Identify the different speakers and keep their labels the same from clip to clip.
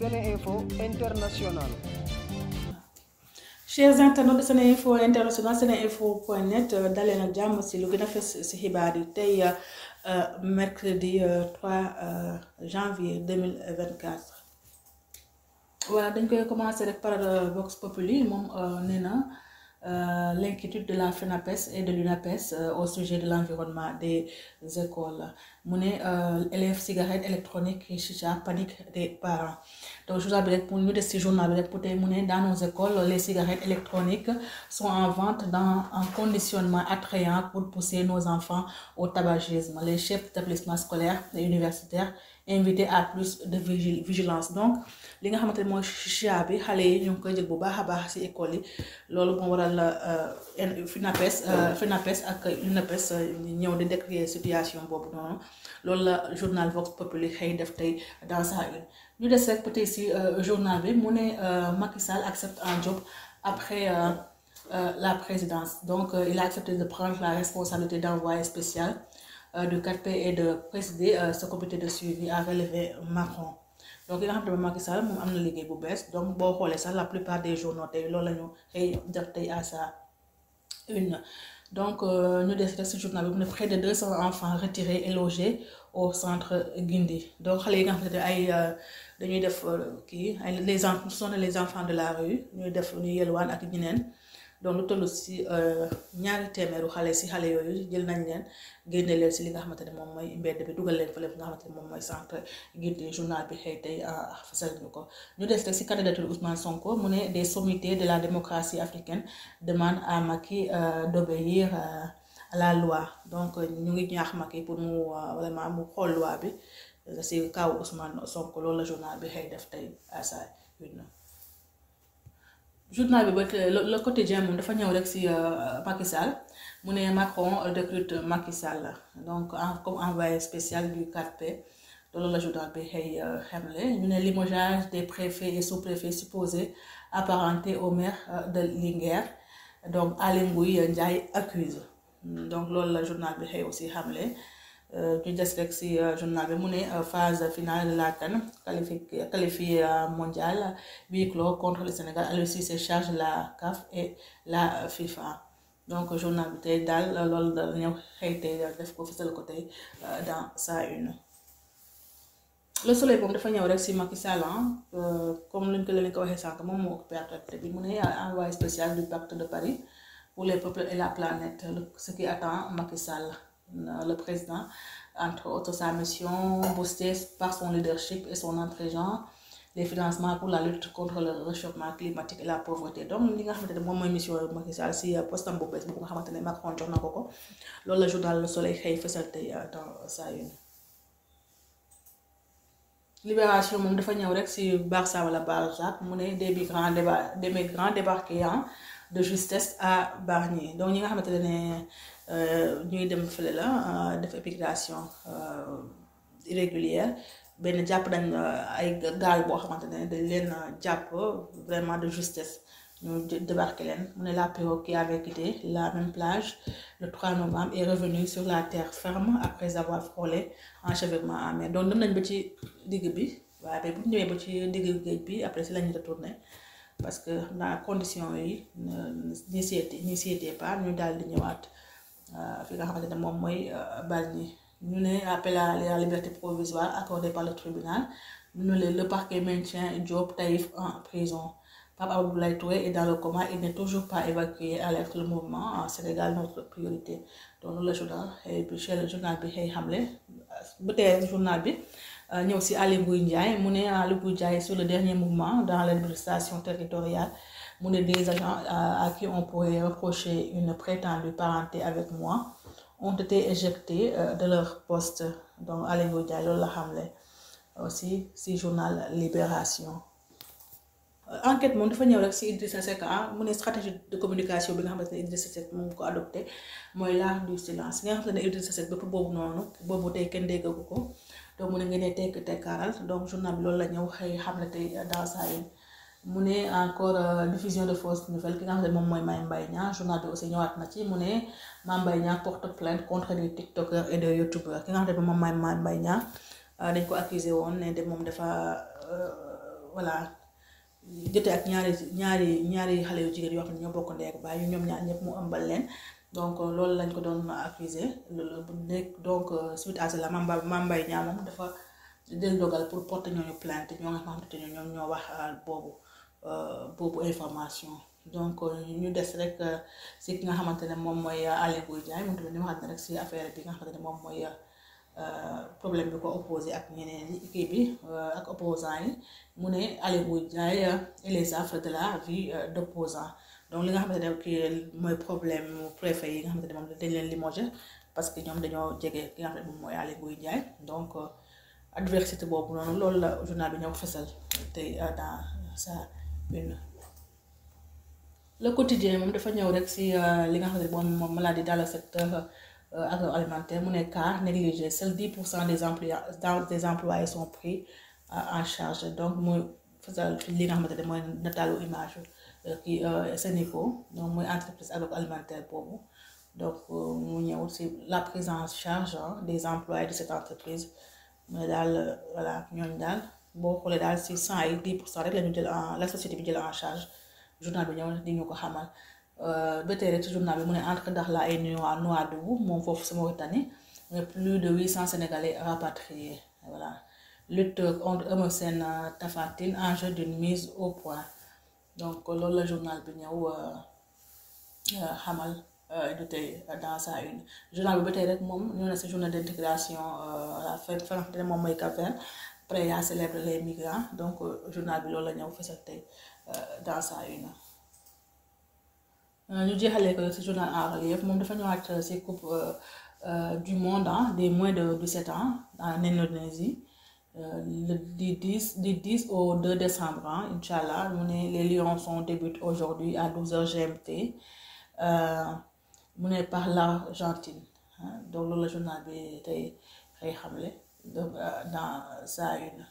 Speaker 1: Sénéinfo International. chers internautes de Sénéinfo International Sénéinfo.net euh, daleen ak jàmm si lu gën a fës si xibaar yi tey euh, euh, mercredi 3 janvier 2024 voilà dañ koy commencer rek par Vox Populi moom nee Euh, l'inquiétude de la FENAPES et de l'UNAPES euh, au sujet de l'environnement des écoles. Mon euh, élève cigarette électronique et chicha panique des parents. Donc, je vous appelle pour nous de ce journal pour dans nos écoles, les cigarettes électroniques sont en vente dans un conditionnement attrayant pour pousser nos enfants au tabagisme. Les chefs d'établissements scolaires et universitaires invité à plus de vigilance donc li nga xamante ne mooy chia bi xale yi ñu ngi koy jël bu baax a baax ci école yi loolu moo waral euh, FINAPES euh, FINAPES ak UNAPES euh, ñëw di décrire situation boobu noonu loolu la journal Vox Populi xëy def tey dans sa une ñu des rek peut-être ci journal bi mu ne Macky Sall accepte un job après. la présidence. Donc, euh, il a accepté de prendre la responsabilité d'envoyé spécial Euh, de 4P et de présider euh, ce comité de suivi a relevé Macron donc yi nga xam ne ma Sall moom am na liggéey bu bees donc boo xoolee sax la plupart des journaux tey loolu la ñu xëy def tey à sa une donc euh, ñu des rek si journal bi mu ne près de 200 enfants retirés et logés au centre Guindi donc xale yi nga xam ne ay dañuy def kii ay les en sont les enfants de la rue ñuy def ñu yelwaan ak ñeneen. donc lu toll si euh, ñaari téeméeru xale si xale yooyu jël nañ leen génne leen si li nga xamante ne moom mooy mbedd bi dugal leen fële nga xamante ne moom mooy centre Guinté journal bi xëy tey euh, fasal ñu ko ñu des rek si candidature Ousmane Sonko mu ne des sommités de la démocratie africaine demandent à Macky euh, d'obéir à la loi donc ñu ngi ñaax Macky pour mu vraiment mu xool loi bi si kaw Ousmane Sonko loolu la journal bi xëy def tey na journal bi ba le quotidien moom dafa ñëw rek ci euh, Macky mu ne Macron recrute euh, Macky Sall donc comme envoyé spécial du 4P loolu la journal bi xëy euh, xamle ñu ne limogeage des préfets et sous-préfets supposés apparentés au maire de Linguère donc Aly Ngouille Ndiaye accuse donc loolu la journal bi xëy aussi xamle. du euh, deslek si euh, journal bi mu ne euh, phase finale de la CAN qualifié qualifié mondial huis clos contre le Sénégal Aliou Cissé charge la CAF et la FIFA donc journal bi tey daal loolu da ñëw xëy tey def ko fësal ko tey dans sa une le soleil moom dafa ñëw rek si Macky Sall comme luñ ko leen ko waxee sànq moom moo occupé actualité bi mu ne envoyé spécial du pacte de Paris pour les peuples et la planète ce qui attend Macky le président entre autres sa mission boostée par son leadership et son intelligence les financements pour la lutte contre le réchauffement climatique et la pauvreté donc li nga xamante ne moom mooy mission Macky Sall si euh, postam bu bees boobu nga xamante ne Macron jox na ko ko loolu la journal Le Soleil xëy fësal tey euh, sa une Libération moom dafa ñëw rek si Barça wala Barzak mu ne des migrants des migrants de justesse à Bargny donc ñi nga xamante ne euh, ñuy dem fële la euh, def émigration euh, irrégulière benn jàpp dañ ay gaal boo xamante ne dañ leen jàpp vraiment de justesse ñu débarqué leen mu ne la pirogue qui avait quitté la même plage le 3 novembre est revenue sur la terre ferme après avoir frôlé enchevêtrement en mer donc dem nañ ba ci digg bi waaye bu ñu ñëwee ba ci digg géej bi après si lañu retourné parce que naa condition yi ñi seeti pas ñu daal di ñëwaat euh, fi nga xamante moom mooy euh, Bargny ñu ne appel la liberté provisoire accordé par le tribunal ñu ne le parquet maintient Diop Taïf en prison Pape Abdoulaye Touré est dans le coma il n'est toujours pas évacué alerte le mouvement en Sénégal notre priorité donc le journal et bi xëy xamle bu journal bi euh, ñëw si Aly Ngouille Ndiaye mu ne Aly Ngouille Ndiaye sur le dernier mouvement dans l'administration territoriale mu ne des agents euh, à qui on pourrait reprocher une prétendue parenté avec moi ont été éjectés euh, de leur poste donc Aly Ngouille Ndiaye loolu la xamle aussi si journal Libération. enquête moom dafa ñëw rek si ah, mu ne stratégie de communication bi nga xamante ne Idrissa Seck mu mooy l'art du silence nga boobu noonu boobu tey kenn déggagu ko. te mu ne ngeen ne tekk tekkaaral donc journal bi loolu la ñëw xëy xamle tey dans sa une mu ne encore euh, diffusion de fausses nouvelles ki nga xam ne moom mooy Mame Mbaye Niang journal bi aussi ñëwaat na ci mu ne Mame Mbaye Niang porte plainte contre les tiktokers et les youtubeurs ki nga xam ne euh, dañ ko accusé woon ne de moom dafa euh, voilà jotee ak ñaari ñaari ñaari xale yu jigéen yoo xam ne ñoo bokk ndey ak baay ñoom ñaar ñëpp mu ëmbal leen. donc euh, loolu lañ ko doon accusé bu nekk donc euh, suite à cela Mame Mame Mbaye Niang dafa jël dogal pour porter ñooñu plainte ñoo nga xamante ne ñoom ñoo wax euh, boobu boobu information donc ñu des rek si ki nga xamante ne moom mooy Aly Ngouille Ndiaye si affaire bi nga xamante ne moom mooy problème bi ko opposé ak ñeneen yi kii bi ak opposant yi mu ne Aly Ngouille Ndiaye il est de la vie d'opposant donc li nga xamante ne kii mooy problème préfet yi nga xamante ne parce que ñoom dañoo jege ki nga xam ne moom mooy Aly Ngouille Ndiaye donc euh, boobu noonu loolu la journal bi ñoo ko fësal te euh, dans sa une le quotidien moom dafa ñëw rek si euh, li nga xam ne moom moom maladie dans le secteur mu ne cas négligé seuls 10 pour cent des emplois des employés sont en charge donc mu fësal li nga xamante ne mooy nataalu image kii euh, euh, Sénico donc mooy entreprise agroalimentaire boobu donc euh, mu ñëw si la prise en charge des employés de cette entreprise mais daal voilà ñooñu daal boo xoolee daal si cent yi dix pour cent rek la ñu jël société bi jël en charge journal bi ñëw di ñu ko xamal ba tey rek ci journal bi mu ne entre Dakhla et Nouadhibou moom foofu si Mauritanie mais plus de huit cent Sénégalais rapatriés voilà lutte contre Eumeu Sène Tapha Tine d'une mise au point. donc loolu la journal bi ñëw euh, euh, xamal euh, du tey dans sa une journal bi ba tey rek moom ñëw na si journée d' intégration la fa nga xam ne moom mooy Cap-Vert les migrants donc journal la ñëw fësal tey dans sa une. ñu jeexalee ko si moom dafa ñëwaat si coupe du monde des moins de 17 ans en Indonésie. Euh, le du 10 du 10 au 2 décembre ah incha allah mu ne les lions débutent aujourd'hui à 12h euh, GMT mu ne par l'Argentine donc loolu la journal bi tey xëy xamle euh, dans sa une.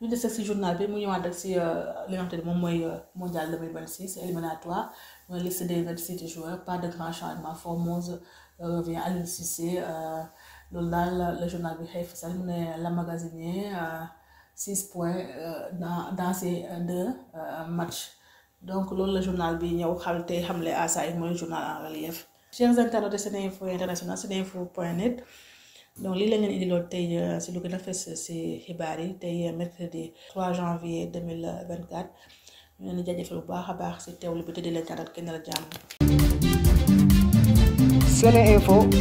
Speaker 1: ñu des si journal bi mu ñëwaat rek si li nga xamante ni moom mooy mondial 2026 éliminatoire mooy liste des 27 joueurs pas de grand changement Formose revient Aliou Cissé. loolu daal le journal bi xëy fasal mu ne la magasiner euh, six points euh, dans dans ces deux euh, matchs donc loolu la journal bi ñëw xam te xamle à saa yi mooy journal en relief. chers internautes de Seneinfo International Seneinfo point net donc lii la ngeen indiloon si lu gën si xibaar yi tey mercredi 3 janvier 2024 ñu leen di jaajëfal bu baax a baax si teewlu bi te di leen tàggat kenn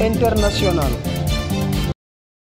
Speaker 1: International.